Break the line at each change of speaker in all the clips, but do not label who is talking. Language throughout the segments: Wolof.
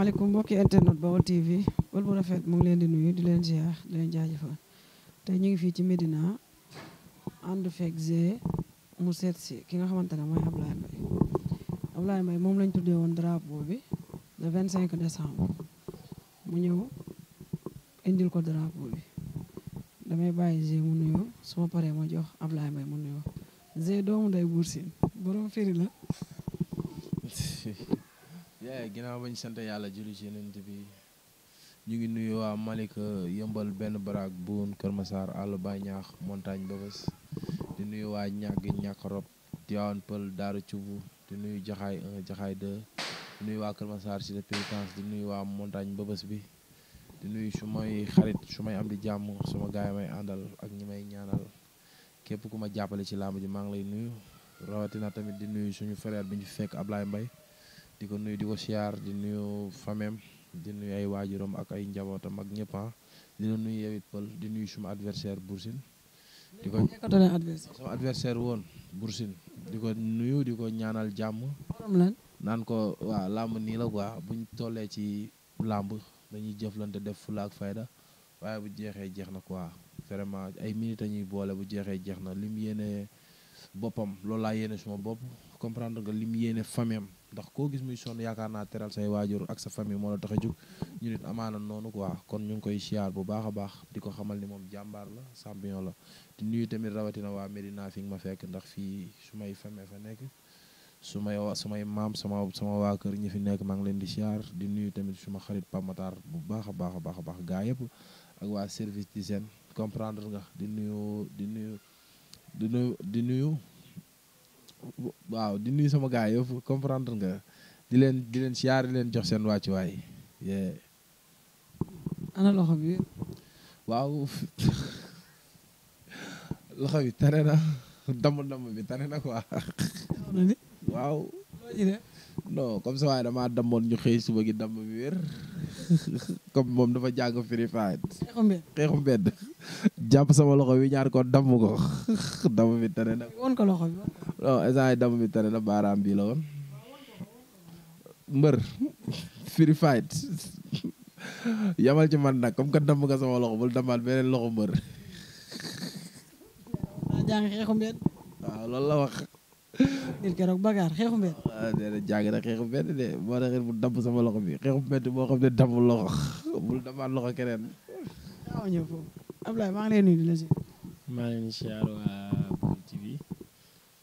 asalaamaaleykum mbokki internet Baol TV bal bu rafet mu ngi leen di nuyu di leen ziar di leen jaajëfal tey ñu ngi fii ci Médina ànd feeg g mu seet si ki nga xamante ne mooy Ablaye Mbaye Ablaye Mbaye moom lañ tuddee woon drapeau bi le 25 décembre mu ñëw indil ko drapeau bi damay bàyyi g mu nuyu su ma paree ma jox Ablaye Mbaye mu nuyoo g doomu day buur siin borom firi la
yaay ginnaaw bañ sant yàlla julli ci yonent bi ñu ngi nuyu waa Malika uh, yëmbal benn baraag buun Kër Massar àll bay ñaax montagne di nuyu waa ñàgg ñàkk rob Tivaouane Pël Daaru Cubu di nuyu Jaxaay 1 di nuyu waa Kër Massar ci la péritance di nuyu waa montagne Babas bi di nuyu su may xarit su may am di jàmm suma gaay may àndal ak ñi may ñaanal képp ku ma jàppale ci làmb ji maa ngi lay nuyu rawatina tamit di nuyu suñu frère bi ñu fekk Ablaye Mbaye di ko nuyu di ko siyaar di nuyu famem di nuyu ay waajuram ak ay njabootam ak ñëpp ah. di la nuyu Pël di nuyu suma adversaire Boursine di ko sama adversaire woon Boursine di ko nuyu di ko ñaanal jàmm naan ko waa làmb nii la quoi buñ tollee ci làmb dañuy jëflante def fula ak fayda waaye bu jeexee jeex na quoi vraiment ay minutes ñuy boole bu jeexee jeex na lim yéene boppam loolu laa yéene suma bopp comprendre nga lim yéene famem ndax koo gis muy sonn yaakaar naa teral say waajur ak sa famille moo la tax a jug ñu nit amaana noonu quoi kon ñu ngi koy siyaar bu baax a baax di ko xamal ni moom jàmbaar la champion la di nuyu tamit rawatina waa Medina fi nga ma fekk ndax fii su may famille fa nekk su may su may maam sama sama waa kër ñi fi nekk maa ngi leen di siyaar di nuyu tamit suma xarit Pamatar bu baax a baax a baax a baax gaa yëpp ak waa service di d'hygiène comprendre nga di nuyu di nuyu di nuyu di nuyu waaw di nuyu sama gars yëpp comprendre nga di leen di siyaar di leen jox seen wàccuwaay. ana loxo bi. waaw loxo bi tare na damm damm bi tare na quoi. waaw. non comme ça waaye damaa damoon ñu xëy suba gi damm bi wér comme moom dafa jàng Free Fight. jàpp sama loxo wi ñaar ko damm ko damm bi tane na. woon bi. la woon. mbër Free Fight yamal ci man nag comme que damm nga sama loxo bul dammaat beneen loxo mbër.
waaw jàng xeexu mbedd.
waaw loolu la wax. ngir keroog xeexu mbedd. ah bu damm sama loxo bi xeexu mbedd boo xam ne damm loxo bul damaat loxo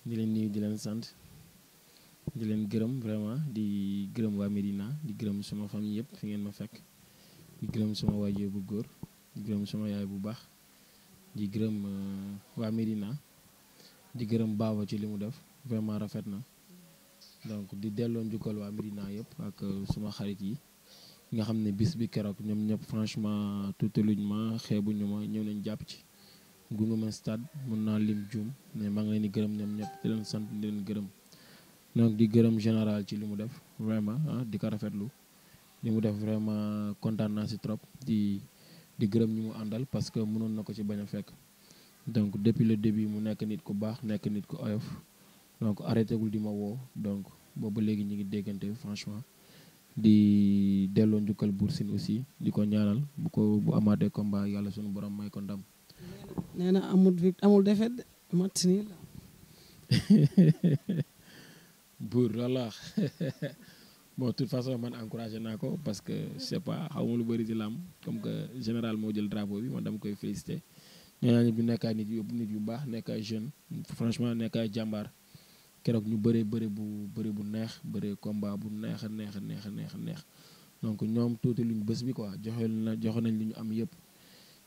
ngi lay nuyu di leen di di leen sant di leen gërëm vraiment di gërëm waa Medina di gërëm suma famille yëpp fi ngeen ma fekk di gërëm sama waajur bu góor di gërëm sama yaay bu baax di gërëm euh, waa Medina di gërëm Baba ci li mu def. vraiment rafet na donc di delloo njukkal waa Medina yëpp ak euh, suma xarit yi nga xam ne bis bi keroog ñoom ñëpp franchement tuutaluñ ma ñu ma ñëw nañ jàpp ci gunge ma stade mën naa lim juum mais maa ngi leen di gërëm ñoom ñëpp di leen sant di leen gërëm donc di gërëm général ci li mu def vraiment ah di ko rafetlu li mu def vraiment kontaan naa si trop di di gërëm ñu mu àndal parce que mënoon na ko ci bañ a fekk donc depuis le début mu nekk nit ku baax nekk nit ku oyof. donc arrêté gul di ma woo donc boobu léegi ñu ngi déggante franchement di delloo njukkal Bour Sine aussi di ko ñaanal bu ko bu amaatee combat yàlla sunu borom may ko ndam. nee na amul vict amul défaite match nii la. Bour relax bon de façon man encourage naa ko parce que je pas xaw ma lu bari di lam comme que général moo jël drapeau bi man dama koy félicité ñooñu ñu nekk ay nit yu yu baax nekk ay jeune franchement nekk ay jàmbaar. keroog ñu bëree bëri bu bëri bu neex bëree combat bu neex a neex a neex a neex a neex donc ñoom tuuti luñ bés bi quoi joxe na joxe nañ li ñu am yëpp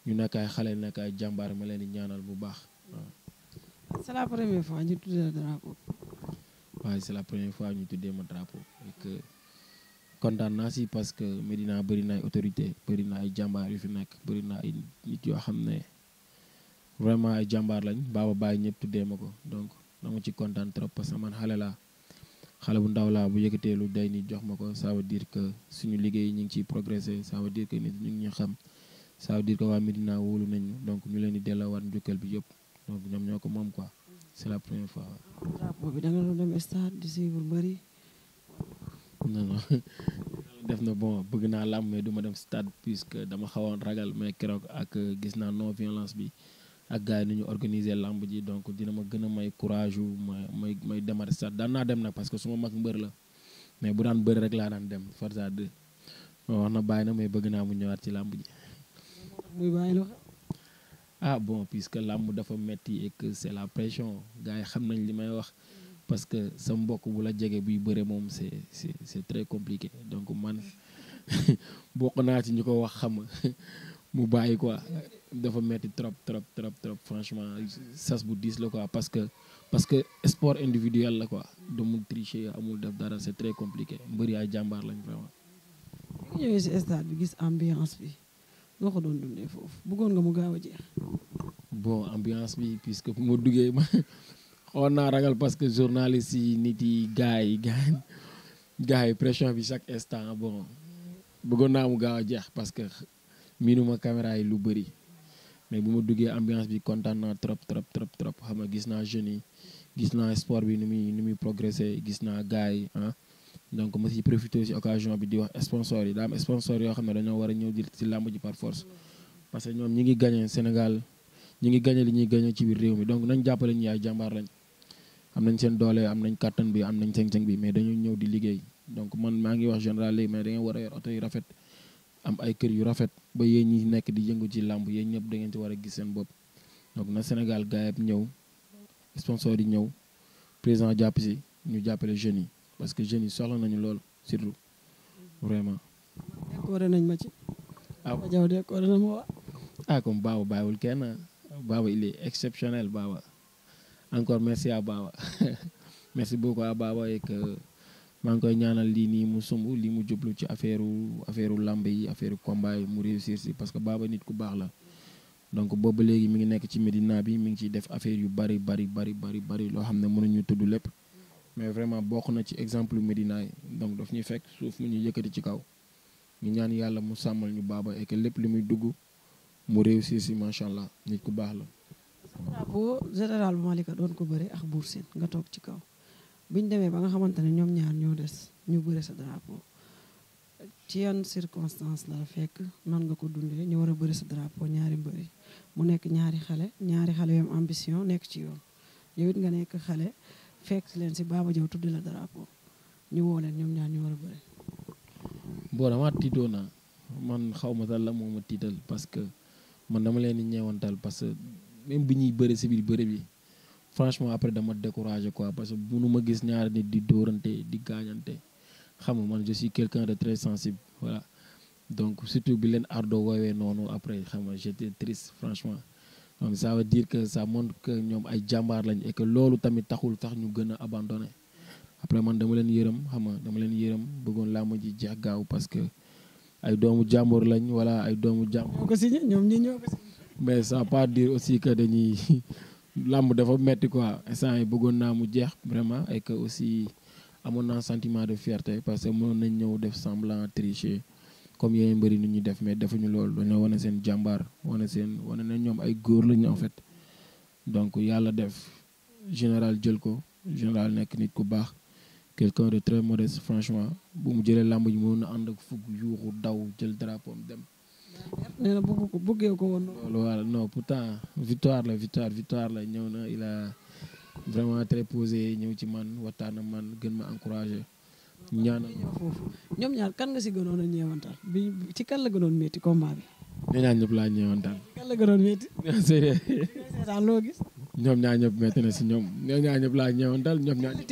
ñu nekk ay xale nekk ay jàmbaar ma leen di ñaanal bu baax waaw. c'est la fois ñu tuddee ma drapeau kontaan naa si parce que Medina bëri na autorité bëri na ay jàmbaar yu fi nekk bëri na ay nit yoo xam ne vraiment ay jàmbaar lañ baaba bàyyi ñëpp tuddee ma ko dama ci kontaan trop parce que man xale laa xale bu ndaw laa bu yëkkatee lu day ni jox ma ko ça veut dire que suñu liggéey ñu ngi ciy progressé ça veut dire que nit ñu ñu xam ça veut dire que waa Medina wóolu nañu donc ñu leen di delloowaat njukkal bi yëpp donc ñoom ñoo ko moom quoi c'est la première fois.
drapeau bi da nga
bëri. non non def na bon bëgg naa làmb mais du ma dem stade puisque dama xawoon ragal mais keroog ak gis naa non violence bi. ak gars yi ni ñu organiser lamb ji donc dina ma gën a may courage ma may may demar stade dem nag parce que su ma mag mbër la mais bu daan bëri rek laa daan dem Forza 2 wax na bàyyi na mais bëgg naa ñëwaat ci làmb ji. muy bàyyi la ah dafa metti et que la pression gars yi xam nañ li may wax parce que sa mbokk bu la jege buy bëre moom c'est c'est c'est très compliqué donc man bokk naa ci ñu ko wax xam mu bàyyi quoi dafa metti trop trop trop trop franchement sas bu diis la quoi parce que parce que sport individuel la quoi damul tricher amul def dara c'est très compliqué mbëri ay jàmbaar lañ vraiment.
bi ñëwee si gis ambiance bi nga mu gaaw
ambiance bi puisque fu ma duggee ma xool naa ragal parce que journaliste yi nit yi gars yi gars yi gars yi pression bi chaque instant bon bëggoon naa mu gaaw a jeex parce que. miinuma caméra yi lu bëri mais bu ma duggee ambiance bi kontaan trop trop trop trop xam nga gis naa jeunes yi gis naa sport bi ni muy nu muy progressé gis naa gars yi ah donc ma si profité si occasion bi di wax sponsor yi daa am sponsor yoo xam ne dañoo war a ñëw di si làmb ji par force parce que ñoom ñi ngi gagné Sénégal ñi ngi gagné li ñuy gagné ci biir réew mi donc nañ jàppale ñi ay jàmbaar lañ am nañ seen doolee am nañ kàttan bi am nañ sañ-sañ bi mais dañoo ñëw di liggéey donc man maa ngi wax général léegi mais da nga war a oto yu rafet am ay kër yu rafet ba yéen ñi nekk di yëngu ci làmb yéen ñëpp da ngeen ci war a gis seen bopp donc na Sénégal gaayab ñëw sponsor di ñëw président jàpp si ñu jàppale jeunes yi parce que jeunes yi soxla nañu lool surtout
vraiment. décoré nañ ma ci.
ah Jaw décoré na ma waa. ah il est exceptionnel Baba encore merci à Baba merci beaucoup à Baba et maa ngi koy ñaanal lii nii mu sumb lii mu jublu ci affaire affaire làmb yi affaire combat mu réussir si parce que Baba nit ku baax la donc boobu léegi mi ngi nekk ci Medina bi mi ngi ciy def affaire yu bari bari bari bari bari loo xam ne mënuñu tudd lépp mais vraiment bokk na ci exemple Medina yi donc daf ñuy fekk suuf mu ñu yëkkati ci kaw ñu ñaan yàlla mu sàmmal ñu Baba et lépp lu muy dugg mu réussir si macha allah nit ku baax la.
général nga toog ci kaw. bi ñu demee ba nga xamante ne ñoom ñaar ñoo des ñu bëre sa drapeau ci yan circonstance la fekk nan nga ko dundee ñu war a bëre sa drapeau ñaari mbëri mu nekk ñaari xale ñaari xale yu am ambition nekk ci yoon yow it nga nekk xale fekk leen si Baba Diaw tuddi la drapeau
ñu woo ñoom ñaar ñu war a bëre. boo dama tiitoo man xaw ma dal la moom ma tiital parce que man dama leen di ñeewantal parce que même bi ñuy bëre si biir bëre bi. franchement après dama découragé quoi parce que munu ma gis ñaari nit di dóorante di gaañante xam nga man je suis quelqu'un de très sensible voilà donc surtout bi leen ardo woowee noonu après xam nga j'étais triste franchement donc ça veut dire que ça montre que ñoom ay jàmbaar lañ et loolu tamit taxul tax ñu gën a abandonné après man dama leen yërëm xam nga dama leen yërëm bëggoon laa ma ji jeex gaaw parce que ay doomu jàmbur lañ wala ay doomu jàmbur. ñoo ko signé ñoom ñi ñoo ko mais ça làmb dafa metti quoi instant yi bëggoon naa mu jeex vraiment ay que aussi amoon naa sentiment de fierté parce que mënoon nañ ñëw def semblant tricher comme yeneen mbëri nu ñu def mais defuñu loolu dañoo wane seen jàmbaar wane seen wane nañ ñoom ay góor lañu en fait donc yàlla def général jël ko général nekk nit ku baax quelqu'un de très modeste franchement bu mu jëlee làmb ji mënoon na ànd ak fukk yuuxu daw jël drapeau dem
nee na bëgg ko bëggee ko woon.
loolu waaw non pourtant victoire la victoire la ñëw na il a vraiment très posé ñëw ci man waxtaan ak man gën ma encouragé. ñaanal foofu
ñoom ñaar kan nga si gënoon a ñeewantal bi ci kan la gënoon métti combat bi.
ñëpp laa ñeewantal. kan
la gënoon métti. sérieux. seetaan loo
gis. ñoom ñaar si ñoom ñoom ñaar laa ñeewantal ñoom ñaar ñëpp.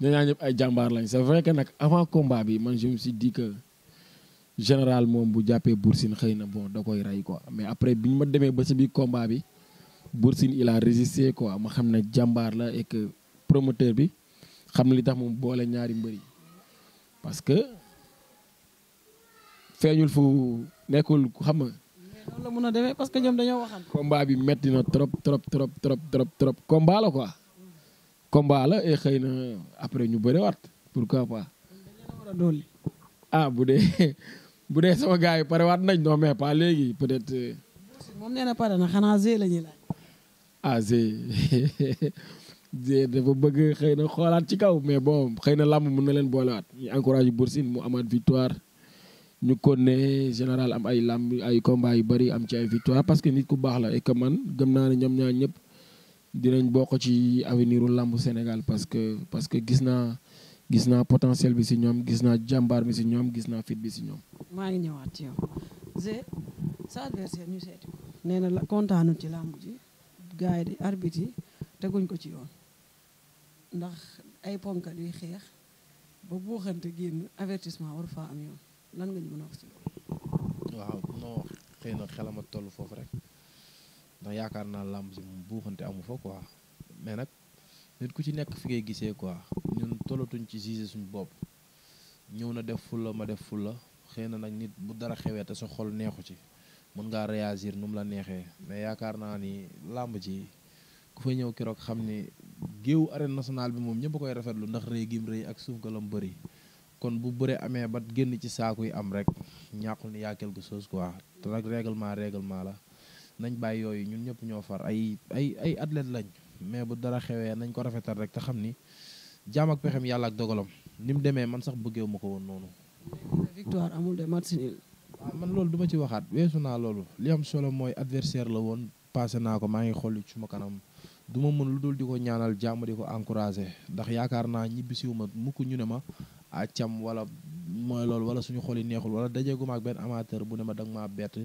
ñoom ñaar ñëpp ay jàmbaar lañ c'est vrai que nag avant combat bi man je me général moom bu jàppee Boursine xëy na bon da koy rey quoi mais après bi ñu ma demee ba sa biir combat bi Boursine il a résisté quoi ma xam na jàmbaar la et que promoteur bi xam na li tax moom boole ñaari mbër parce que feeñul fu nekkul xam nga.
noonu la a demee parce que ñoom dañoo waxam.
combat bi metti na trop trop trop trop trop trop combat la quoi. combat la et xëy na après ñu bëriwaat pourquoi pas. ah bu dee. bu dee sama gars yi pare waat nañ non mais pas léegi peut être. Euh, moom nee na pare na xanaa Zé la ñuy laaj. ah dafa bëgg xëy na xoolaat ci kaw mais bon xëy na làmb mun na leen boolewaat. ñu encourage Bour Sine mu amaat victoire ñu ko ne général am ay làmb ay combat yu bari am ci ay victoire parce que nit ku baax la et man gëm naa ne ñoom ñaa ñëpp dinañ bokk ci avenir làmb Sénégal parce que parce que gis naa. gis naa potentiel bi si ñoom gis naa jàmbaar bi si ñoom gis naa fit bi si ñoom.
maa ngi ñëwaat ci yow. Zé sa adversaire ñu seeti ko. nee na kontaanul ci làmb ji gars yi di arbitre yi teguñ ko ci yoon ndax ay ponkal yuy xeex ba buuxante génn avertissement war fa am yoon lan nga ñu mën a wax ci
waaw non xëy na xelama toll foofu rek ndax yaakaar naa làmb amu fa nekk fi ngay gisee quoi. ñun tolatuñ ci gisé suñu bopp ñëw na def fulla ma def fulla xëy na nag nit bu dara xewee te sa xol neexu ci mën ngaa réagir nu la neexee mais yaakaar naa ni làmb ci ku fa ñëw keroog xam ni géewu arène nationale bi moom ñëpp a koy rafetlu ndax rëy gim rëy ak suuf mu bëri kon bu bëre amee ba génn ci saaku yi am rek ñàkkul ni yaa quelque chose quoi te nag règlement règlement la nañ bàyyi yooyu ñun ñëpp ñoo far ay ay ay athlète lañ mais bu dara xewee nañ ko rafetal rek te xam ni jaam ak pexem yàlla ak dogalam ni mu demee man sax bëggeewu ma ko woon noonu. de match man loolu duma ma ci waxaat weesu naa loolu li am solo mooy adversaire la woon passé naa ko maa ngi xool suma kanam du ma mën lu dul di ko ñaanal jàmm di ko encouragé ndax yaakaar naa ñibbisiwu ma mukk ñu ne ma ah cam wala mooy loolu wala suñu xol yi neexul wala dajeeguma ak benn amateur bu ne ma danga maa bett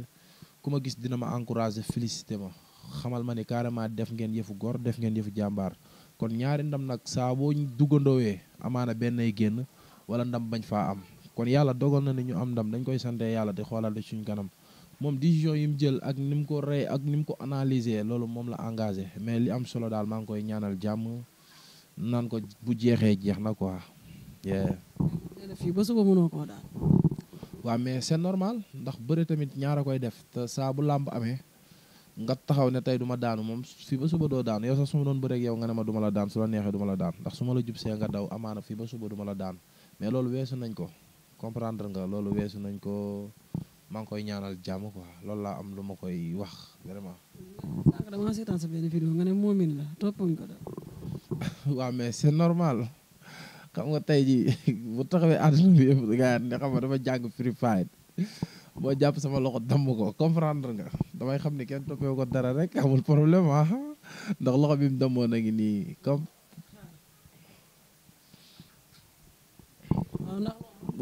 ku ma gis dina ma encouragé félicité ma xamal ma ni carrément def ngeen yëfu góor def ngeen yëfu jàmbaar. kon ñaari ndam nag saa boo duggandoowee amaana benn ay génn wala ndam bañ faa am kon yàlla dogal na ne ñu am ndam dañ koy santee yàlla di xoolal suñ kanam moom décision yi mu jël ak nim mu ko rey ak ni ko analyser loolu moom la engagé mais li am solo daal maa ngi koy ñaanal jàmm naan ko bu jeexee jeex na quoi. fii ba suba mënoo koo mais c'est normal ndax bëre tamit ñaara koy def te saa bu làmb amee. nga taxaw ne tey duma daanu moom fii ba suba doo daanu yow sax su ma doon bëreeg yow nga ne ma du ma la daan su la neexee du ma la daan ndax su ma la jub see nga daw amaana fii ba suba du ma la daan mais loolu weesu ko comprendre nga loolu weesu nañ ko maa ngi koy ñaanal jàmm ko loolu laa am lu ma koy wax vraiment.
sànq damaa seetaan sa benn nga ne moomin la toppuñ ko
daal. mais c'est normal xam nga tey ji bu taxawee àdduna bi yëpp gars yi xam nga dafa jàng free fight boo jàpp sama loxo damm ko comprendre nga. damay xam ni kenn toppee ko dara rek amul problème waa ah. ndax loxo bi mu demoon a ngi nii comme.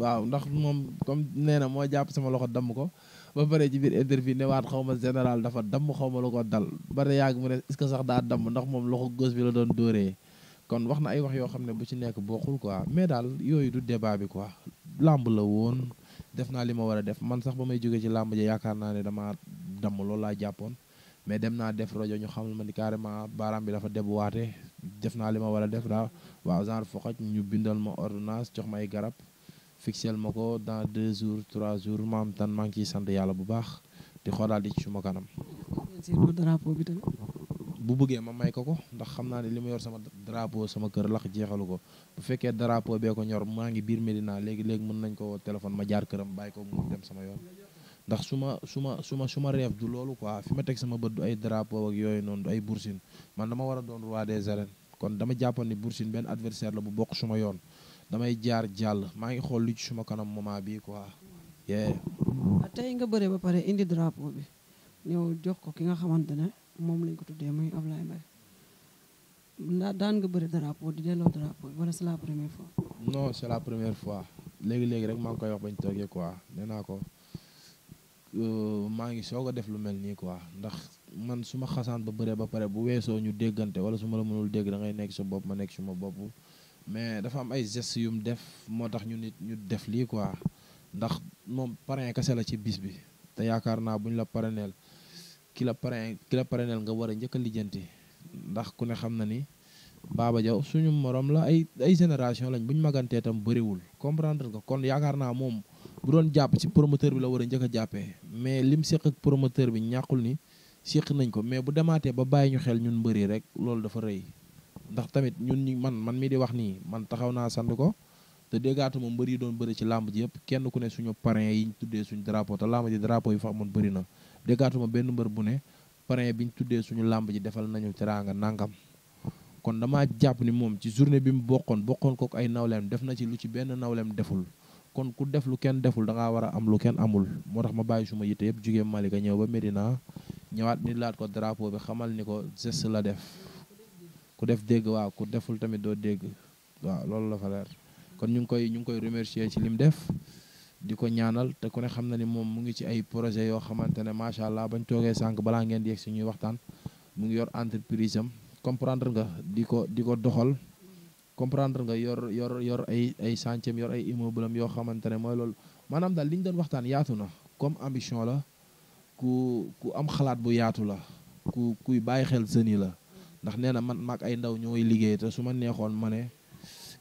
waaw ndax moom comme nee na moo jàpp sama loxo damm ko ba pare ci biir waat xaw ma général dafa damm xaw ma lu ko dal ba yàgg mu ne est que sax daa damm ndax moom loxo gauche bi la doon dóoree kon wax na ay wax yoo xam ne bu ci nekk bokkul quoi mais daal yooyu du débat bi quoi làmb la woon def naa li ma war a def man sax ba may jógee ci làmb ja yaakaar naa ne dama damm loolu laa jàppoon mais dem naa def rajo ñu xamal ma ni carrément baaraam bi dafa debuwaate def naa li ma war a def daa waaw genre foxoj ñu bindal ma ordonnance jox ma ay garab fixel ma ko dans deux jours trois jours maam tan maa ngi ciy sant yàlla bu baax di xoolaat di ci suma kanam. bu bëggee ma may ko ko ndax xam naa ne li ma yor sama drapeau sama kër lax jeexalu ko bu fekkee drapeau bee ko ñor maa ngi biir Medina léegi léegi mën nañ ko téléphone ma jaar këram bàyyi ko mu sama yoon. ndax su ma su ma suma suma su ma du loolu quoi fi ma teg sama bët du ay drapeau ak yooyu noonu ay Boursine man dama war a doon roi des arènes kon dama jàppoon ni Boursine benn adversaire la bu bokk suma yoon damay jaar jàll maa ngi xool lu ci suma kanam moment bi quoi.
Ah, tey nga bëree ba pare indi drapeau bi ñëw jox ko ki nga xamante ne moom lañ ko tuddee muy Ablaye Mbaye daan nga bëri drapeau di delloo drapeau wala c'est la première fois.
non c'est la première fois léegi léegi rek maa ngi koy wax bañ toogee quoi nee naa ko. Euh, maa ngi soog a def lu mel nii quoi ndax man su ma xasaan ba bëree ba pare bu weesoo ñu déggante wala su ma la mënul dégg da ngay nekk sa bopp ma nekk suma bopp mais dafa am ay gestes yu mu def moo tax ñu nit ñu def lii quoi ndax moom parrain kese la ci bis bi te yaakaar naa bu la parraineel ki la parrain ki la parraineel nga war a njëkk a lijjanti ndax ku ne xam na ni Baba Diaw suñu morom la ay ay génération lañ bu ñu magantee tam bëriwul comprendre nga kon yaakaar naa moom bu doon jàpp ci promoteur bi la war a njëkk a jàppee mais lim seq ak promoteur bi ñàkkul ni seq nañ ko mais bu demaatee ba bàyyi ñu xel ñun mbëri rek loolu dafa rëy ndax tamit ñun ñu man man mi di wax nii man taxaw naa sant ko te déggaatuma mbër yi doon bëri ci làmb ji yëpp kenn ku ne suñu parrain yi ñu tuddee suñu drapeau te làmb ji drapeau yi fa amoon bëri na déggaatuma benn mbër bu ne parrain bi ñu tuddee suñu làmb ji defal nañu teraanga nàngam kon damaa jàpp ni moom ci journée bi mu bokkoon bokkoon kook ay nawleem def na ci lu ci benn nawleem deful kon ku def lu kenn deful da ngaa war a am lu kenn amul moo tax ma bàyyi suma yitte yëpp jugee Malika ñëw ba Medina ñëwaat ni laat ko drapeau bi xamal ni ko geste la def ku def dégg waa ku deful tamit doo dégg waaw loolu la fa leer kon ñu ngi koy ñu ngi koy remercier ci lim def di ko ñaanal te ku ne xam na ni moom mu ngi ci ay projet yoo xamante ne macha allah bañ toogee sànq balaa ngeen di yegg si ñuy waxtaan mu ngi yor entreprise am comprendre nga di ko di ko doxal. comprendre nga yor yor yor ay ay chantier yor ay immeuble yoo xamante ne mooy loolu maanaam daal li ñu doon waxtaan yaatu na comme ambition la ku ku am xalaat bu yaatu la ku kuy bàyyi xel seen la ndax nee na man maag ay ndaw ñooy liggéey te su ma neexoon ma ne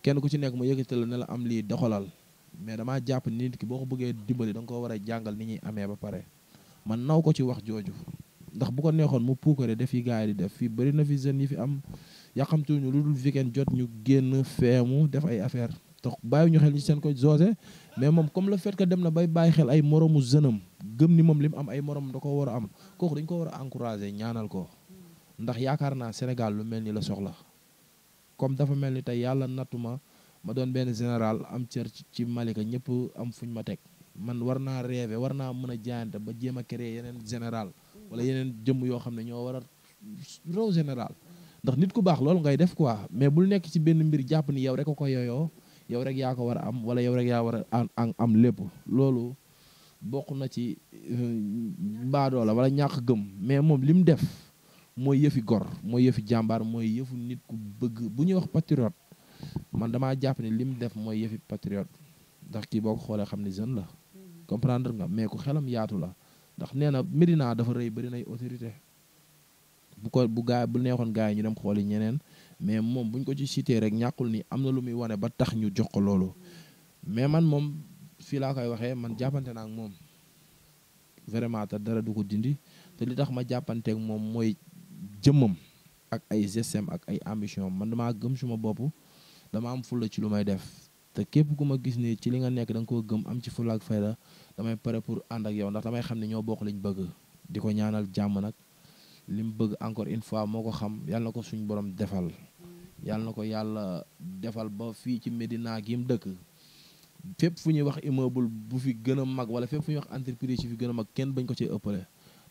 kenn ku ci nekk ma yëkkati la ne la am lii doxalal mais damaa jàpp ni nit ki boo ko bëggee dimbali danga nga koo war a jàngal ni ñuy amee ba pare man naw ko ci wax jooju ndax bu ko neexoon mu puukare def yi gars yi di def fii bëri na fi jeunes yi fi am yàqamtuñu lu dul weekend jot ñu génn feemu def ay affaire tax bàyyi ñu xel ci seen koy José mais moom comme le fait que dem na bay bàyyi xel ay moroomu jeunam gëm ni moom li mu am ay morom da ko war a am kooku dañ ko war a encourager ñaanal ko ndax yaakaar naa Sénégal lu mel ni la soxla comme dafa mel ni tey yàlla nattu ma doon benn général am cër ci Malika ñëpp am fuñ ma teg man war naa rêver war naa mën a jaayante ba jéem a créer yeneen général wala yeneen jëmm yoo xam ne ñoo war a raw général ndax nit ku baax loolu ngay def quoi mais bul nekk ci benn mbir jàpp ni yow rek ko ko yooyoo yow rek yaa ko war a am wala yow rek yaa war a am lépp loolu bokk na ci mbaadoo euh, la wala ñàkk gëm mais moom li mu def mooy yëfi gor mooy yëfi jàmbaar mooy yëfu nit ku bëgg bu ñuy wax patriote man damaa jàpp ni li mu def mooy yëfi patriote ndax kii boo ko xoolee xam ni jeune la mm-hmm. comprendre nga mais ku xelam yaatu la ndax nee na Médina dafa rëy bëri nay autorité bu ko bu gaa bu neexoon gaa yi ñu dem xooli ñeneen mais moom buñ ko ci cité rek ñàkkul ni am na lu muy wane ba tax ñu jox ko loolu mais man moom fii laa koy waxee man jàppante naa ak moom vraiment te dara du ko dindi te li tax ma jàppanteeg moom mooy jëmmam ak ay gestem ak ay ambition man damaa gëm suma bopp dama am fulla ci lu may def te képp ku ma gis ni ci li nga nekk da nga koo gëm am ci fulla ak fayda damay pare pour ànd ak yow ndax damay xam ne ñoo bokk liñ bëgg di ko ñaanal jàmm nag li mu bëgg encore une fois moo ko xam yàlla na ko suñu borom defal yàlla na ko yàlla defal ba fii ci Medina gi mu dëkk fépp fu ñuy wax immeuble bu fi gën a mag wala fépp fu ñuy wax entreprise yi fi gën a mag kenn bañ ko ci ëppale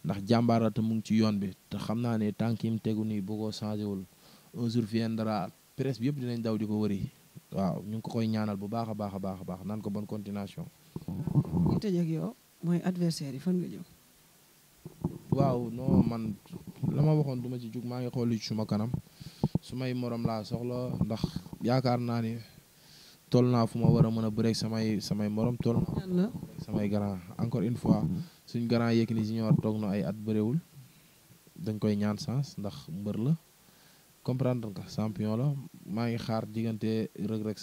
ndax jàmbaara te mu ngi ci yoon bi te xam naa ne tànk yi mu tegu nii boo ko changé wul un jour viendra presse bi yëpp dinañ daw di ko wëri waaw ñu ngi ko koy ñaanal bu baax a baax a baax a baax naan ko bonne continuation. ñu tëj ak mooy adversaire la ma waxoon du ma ci jug maa ngi xool suma kanam su may morom laa soxla ndax yaakaar naa ni toll naa fu ma war a mën a bëreeg samay samay morom toll
naa samay
grand encore une fois suñ grand Yékini Junior toog na ay at bëréwul dañ koy ñaan sens ndax mbër la comprendre nga champion la maa ngi xaar diggante Reug Reug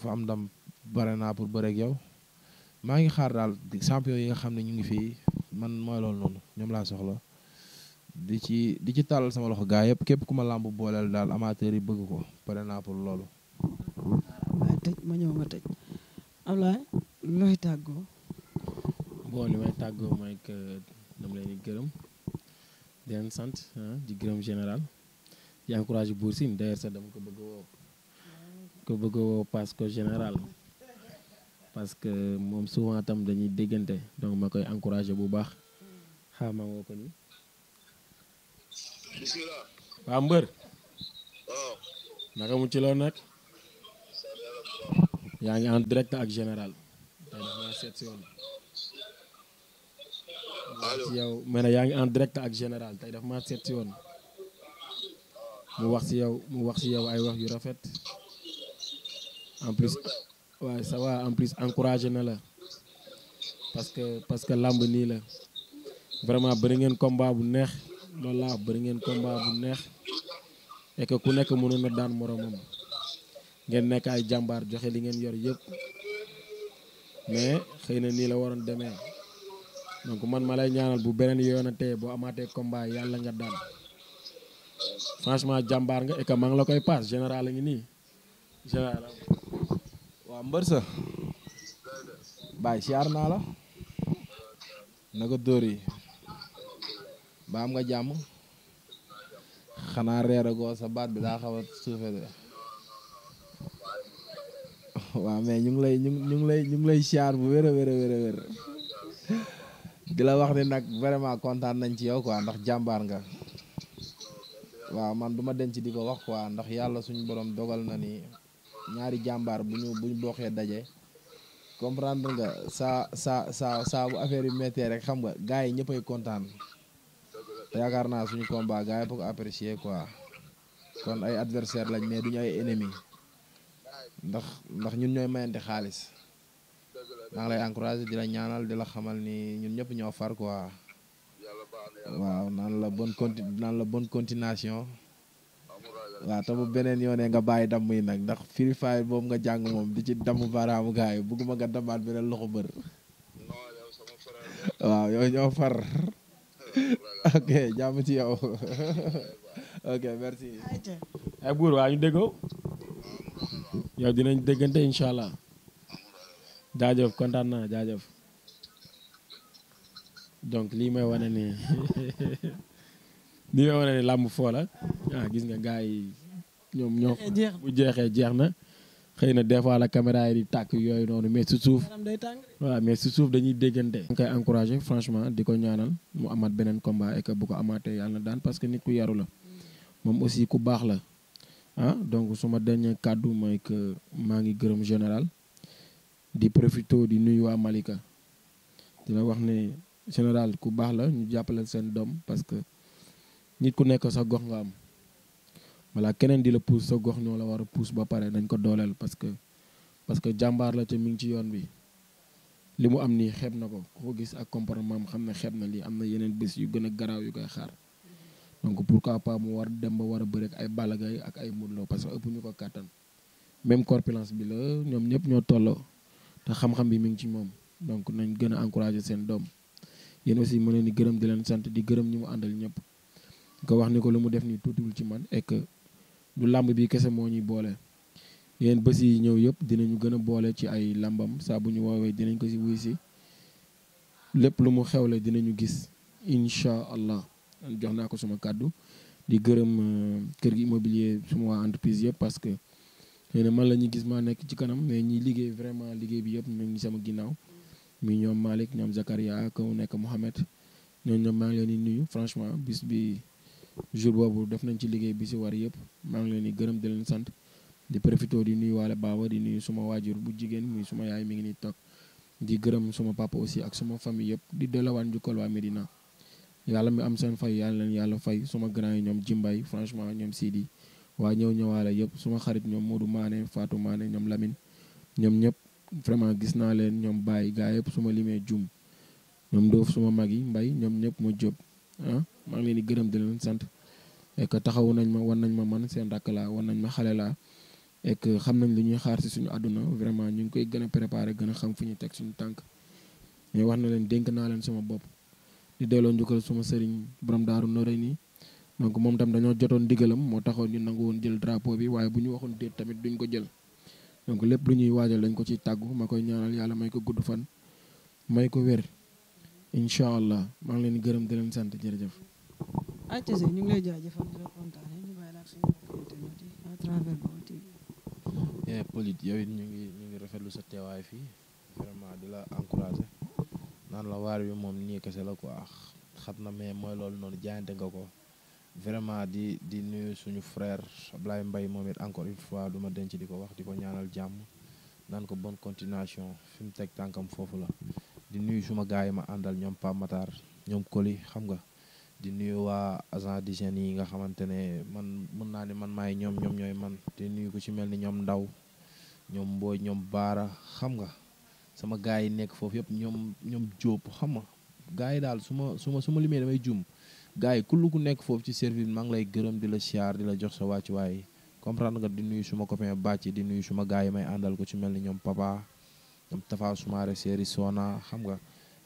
fa am ndam bare naa pour bëreeg yow maa ngi xaar daal champion yi nga xam ne ñu ngi fii man ma loolu noonu ñoom laa soxla di ci di ci tàllal sama loxo gaa yëpp képp ku ma làmb booleel daal amateur yi bëgg ko pare naa pour loolu. waaw ma ñëw tàggoo.
bon li may tàggoo mooy dama leen di gërëm di leen sant ah, di gërëm général di encouragé Bour Sine d'ailleurs sax dama ko bëgg woo ko bëgg que général parce que moom souvent tam dañuy déggante donc ma koy encouragé bu baax xaaral ko ni bisimilah. waa mbër. waaw. naka ci loo nekk. yaa ngi en direct ak général. tey dafa maa ma ne yaa ngi en direct ak général tey dafa maa woon. mu wax si yow mu wax si yow ay wax yu rafet. en plus waaye ça va en plus encouragé na la. parce que parce que làmb nii la. vraiment bëri ngeen combat bu neex. loolu laa bëri ngeen combat bu neex et ku nekk mënoon a daan moromam ngeen nekk ay jàmbaar joxe li ngeen yor yëpp mais xëy na nii la waroon demee donc man ma lay ñaanal bu beneen yoonatee boo amaatee combat yàlla nga daan franchement jàmbaar nga et que la koy paas général la ngi nii général. waaw mbër sa Baye siyaar naa la
naka dóor yi. ba nga jàmm xanaa reeragoo sa baat bi daa xaw a suufe de waaw mais ñu ngi lay ñu ngi lay ñu ngi lay siyaar bu wér a wér a di la wax ni nag vraiment kontaan nañ ci yow quoi ndax jàmbaar nga waaw man duma denc di ko wax quoi ndax yàlla suñu boroom dogal na ni ñaari jàmbaar bu ñu bu ñu daje comprendre nga saa saa saa saa bu affaire yu méttee rek xam nga gars yi ñëppay kontaan. yaakaar naa suñu combat gars yi pour apprécier kon ay adversaire lañ mais duñu ay ennemi ndax ndax ñun ñooy mayante xaalis maa ngi lay encouragé di la ñaanal di la xamal ni ñun ñëpp ñoo far quoi waaw naan la bonne conti la bonne continuation waaw te bu beneen yoonee nga bàyyi damm yi nag ndax Free Fire boobu nga jàng moom di ci dam baaraamu gars yi bëgguma nga damaat beneen loxo bër waaw yow ñoo far ok jàmm ci yow ok merci.
ay eh, buur waa ñu déggoo. yow dinañ déggante incha allah. jaajëf kontaan naa jaajëf. donc lii may wane ni lii may wane ni làmb fola la ah, gis nga gars yi ñoom ñoo bu eh, jeex na. xëy na des fois la caméra yi di tàkk yooyu noonu mais si suuf waa mais si suuf dañuy déggante koy encouragé franchement di ko ñaanal mu amaat beneen combat et bu ko amaatee yàlla na daan parce que nit ku yaru la moom aussi ku baax la ah donc suma dernier kàddu mooy que maa ngi gërëm général di profito di nuyu waa Malika dina wax ne général ku baax la ñu jàppale seen doom parce que nit ku nekk sa gox nga am voilà keneen di la pousse sa gox ñoo la war a pousse ba pare nañ ko dooleel parce que parce que jàmbaar la te mi ngi ci yoon bi li mu am nii xeeb na ko ku ko gis ak comportement mu xam ne xeeb na lii am na yeneen bés yu gën a garaaw yu koy xaar donc pourquoi pas mu war dem ba war a bëre ak ay Balla Gaye ak ay Modou Lo parce que ëpp ñu ko kàttan même corpulence bi la ñoom ñëpp ñoo tolloo te xam-xam bi mi ngi ci moom donc nañ gën a encourager seen doom yéen aussi mën leen di gërëm di leen sant di gërëm ñi mu àndal ñëpp ko wax ni ko lu mu def nii tuutiwul ci man et du làmb bi kese moo ñuy boole yeneen bés yi ñëw yëpp dinañu gën a boole ci ay làmbam saa bu ñu woowee dinañ ko si wuy si lépp lu mu xewle dinañu gis incha allah jox naa ko sama kàddu di gërëm euh, kër gi immobilier suma waa entreprise yëpp parce que xëy na man la ñuy gis maa nekk ci kanam mais ñuy liggéey vraiment liggéey bi yëpp ñu ngi sama ginnaaw mi ñoom Malick ñoom Zakaria kaw nekk Mohamed ñoom ñoom maa ngi leen di nuyu franchement bis bi jour boobu def nañ ci liggéey bi si war yëpp maa ngi leen di gërëm di leen sant di profité di nuy waale baaba di nuyu suma waajur bu jigéen muy suma yaay mi ngi nii toog di gërëm suma papa aussi ak suma famille yëpp di delluwaat njukkal waa Medina yàlla mi am seen fay yàlla leen yàlla fay suma grand yi ñoom Jimbay franchement ñoom Sidi waa ñëw ñëwaale yëpp suma xarit ñoom Modou Mané faatu Mané ñoom Lamine ñoom ñëpp vraiment gis naa leen ñoom Baye gaa yëpp suma limee jum ñoom doof suma mag yi Mbay ñoom ñëpp ma jóg ah. maa ngi leen di gërëm di leen sant et que taxawu nañ ma wan nañ ma man seen rakk laa wan nañ ma xale laa et xam nañ lu ñuy xaar si suñu àdduna vraiment ñu ngi koy gën a préparé gën a xam fu ñu teg suñu tànk mais wax na leen dénk naa leen sama bopp di delloo njukkal suma sëriñ borom daaru noré nii donc moom tam dañoo jotoon digalam moo taxoon ñu nangu woon jël drapeau bi waaye bu ñu waxoon déet tamit duñ ko jël donc lépp lu ñuy waajal dañ ko ciy tàggu ma koy ñaanal yàlla may ko gudd fan may ko wér incha allah maa ngi leen di gërëm di sant jërëjëf
HTC ñu ngi la kontaane ñu bàyyi
eh, Polit yow ñu ngi ñu ngi rafetlu sa teewaay fii vraiment di la encouragé naan la waar yu moom nii kese la quoi xam na mais mooy loolu noonu jaayante nga ko vraiment di di nuyu suñu frère Ablaye mbay moom it encore une fois du ma denc di ko wax di ko ñaanal jàmm naan ko bonne continuation fi mu teg tànkam foofu la di nuyu suma gars yi ma àndal ñoom Pape ñoom Koli xam nga. di nuyu waa agent di jeunes yi nga xamante ne man mën naa ne man maay ñoom ñoom ñooy man te nuyu ko ci mel ni ñoom ndaw ñoom mbooj ñoom baara xam nga sama gars yi nekk foofu yëpp ñoom ñoom jóob xam nga gars yi daal su ma su su ma limee damay jum gars yi kullu ku nekk foofu ci service maa ngi lay gërëm di la siyaar di la jox sa wàcc wàccuwaay comprendre nga di nuyu suma copain bàcc di nuyu suma gars yi may àndal ko ci mel ni ñoom papa ñoom Tafa Soumaré Séri Sona xam nga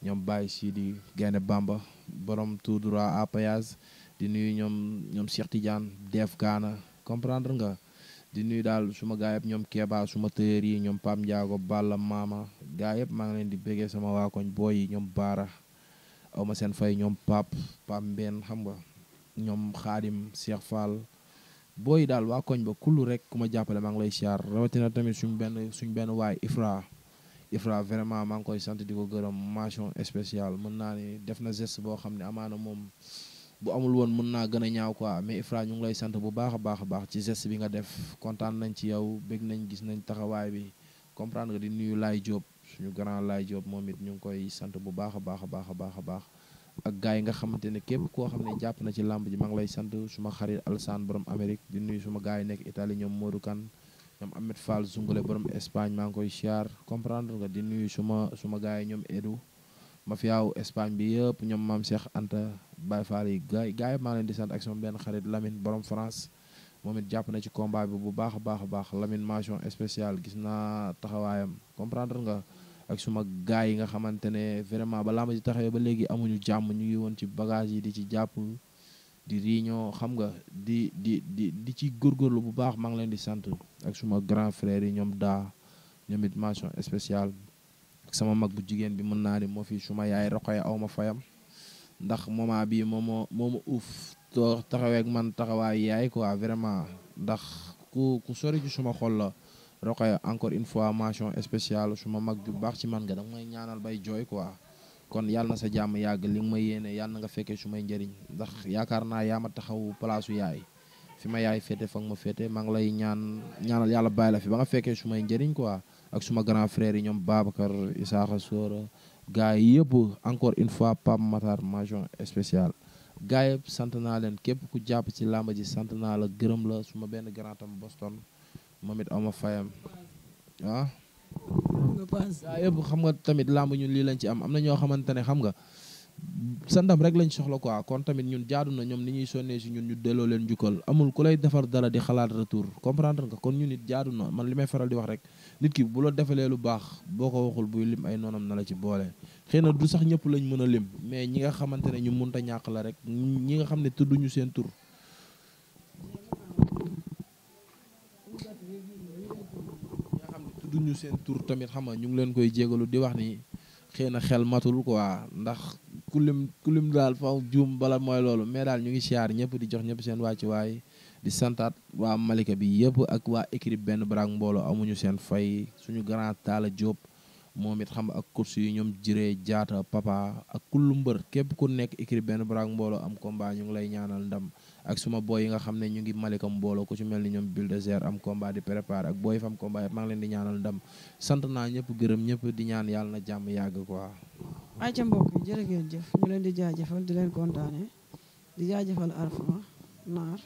ñoom Baye Sidi Gaynde bàmba borom tout droit à péage di nuyu ñoom ñoom Cheikh Tidiane Def Kaana comprendre nga di nuyu daal suma gaa yëpp ñoom Kéba suma tëyeer yi ñoom Pam Ndiago Balla Maama gaa yëpp maa ngi leen di bëggee sama waa koñ booy yi ñoom Baara aw ma seen fay ñoom Pap Pam Mbeen xam nga ñoom Xaadim Cheikh Fall booy daal waa koñ ba kullu rek ku ma jàppale maa ngi lay siyaar rawatina tamit suñ benn suñ benn waay Ifra. Ifra vraiment maa ngi koy sant di ko gërëm mention spéciale mën naa ne def na geste boo xam ne amaana moom bu amul woon mën naa gën a ñaaw quoi mais Ifra ñu ngi lay sant bu baax a baax a baax bi nga def kontaan nañ ci yow nañ gis nañ taxawaay bi comprendre di nuyu Laay Diop suñu grand Laay Diop moom it ñu ngi koy sant bu baax a baax a baax a baax a baax ak gars yi nga xamante ne képp koo xam ne jàpp na ci làmb ji maa ngi lay sant suma xarit Alsaan borom Amérique di nuyu suma gars yi nekk Italie ñoom Modou Kane ñoom Ahmed Fall Zungale borom Espagne maa ngi koy siyaar comprendre nga di nuyu suma suma gars yi ñoom Edu ma fiyaaw Espagne bi yëpp ñoom maam Cheikh Anta Baye Fall yi gaay gaay maa leen di sant ak sama benn xarit Lamine borom France moom it jàpp na ci combat bi bu baax a baax a baax Lamine mention spéciale gis naa taxawaayam comprendre nga ak suma gaay yi nga xamante ne vraiment ba làmb ji taxawee ba léegi amuñu jàmm ñu ngi woon ci bagage yi di ci jàpp di réunion xam nga di di di di ci góorgóorlu bu baax maa ngi leen di sant ak suma grand frère yi ñoom daa ñoom it mention spéciale sama mag bu jigéen bi mën naa ni moo fi suma yaay roqoye aw ma fayam ndax moment bii moom ma moo ma uuf taxawee ak man taxawaay yaay quoi vraiment ndax ku ku sori ci suma xol la roqoye encore une fois mention spéciale suma mag bu baax ci man nga danga may ñaanal bay jooy quoi kon yàlla na sa jàmm yàgg li nga ma yéene yàlla na nga fekkee su njariñ ndax yaakaar naa yaa ma taxaw palaasu yaay fi ma yaay féete fa ma féete maa ngi lay ñaan ñaanal yàlla bàyyi la fi ba nga fekkee su may njëriñ quoi ak suma grand frère yi ñoom Babacar Isaaxa Sora gars yi yëpp encore une fois Pape Matar mention spéciale gars yëpp sant naa leen képp ku jàpp ci làmba ji sant naa la gërëm la suma benn grand tam Boston moom it aw ma fayam ah? paas gaa yëpp xam nga tamit làmb ñun lii lañ ci am am na ñoo xamante ne xam nga sa ndam rek lañ soxla quoi kon tamit ñun jaadu na ñoom ni ñuy sonnee si ñun ñu delloo leen njukkal amul ku lay defar dara di xalaat retour comprendre nga kon ñun it jaadu na man li may faral di wax rek nit ki bu la defalee lu baax boo ko waxul buy lim ay noonam na la ci boole. xëy na du sax ñëpp lañ mën a lim mais ñi nga xamante ne ñu mënta ñàkk la rek ñi nga xam ne tudduñu seen tur tudduñu seen tur tamit xam nga ñu ngi leen koy jégalu di wax ni xëy na xel matul ko quoi ndax ku lim daal faw juum bala mooy loolu mais daal ñu ngi siyaar ñëpp di jox ñëpp seen wàccuwaay di santaat waa Malika bi yëpp ak waa équipe benn baraag mbooloo amuñu seen fay suñu grand Talla moom it xam ak course yi ñoom jiree jaata papa ak kullu mbër képp ku nekk équipe benn baraag mbooloo am combat ñu ngi lay ñaanal ndam ak suma boy yi nga xam ne ñu ngi malikam mbooloo ku ci mel ni ñoom Bulldozer am combat di préparé ak booy fam combat yëpp maa ngi leen di ñaanal ndam sant naa ñëpp gërëm ñëpp di ñaan yàlla na jàmm yàgg quoi
ay ca mbokk yi jërë ngeen jëf ñu leen di jaajëfal di leen kontaane di jaajëfal Arfan naar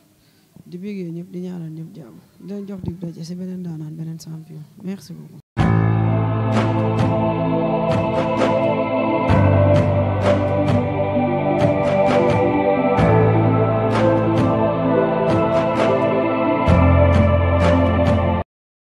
di bégee ñëpp di ñaanal ñëpp jàmm di leen jox dig daje si beneen daanaan beneen champion merci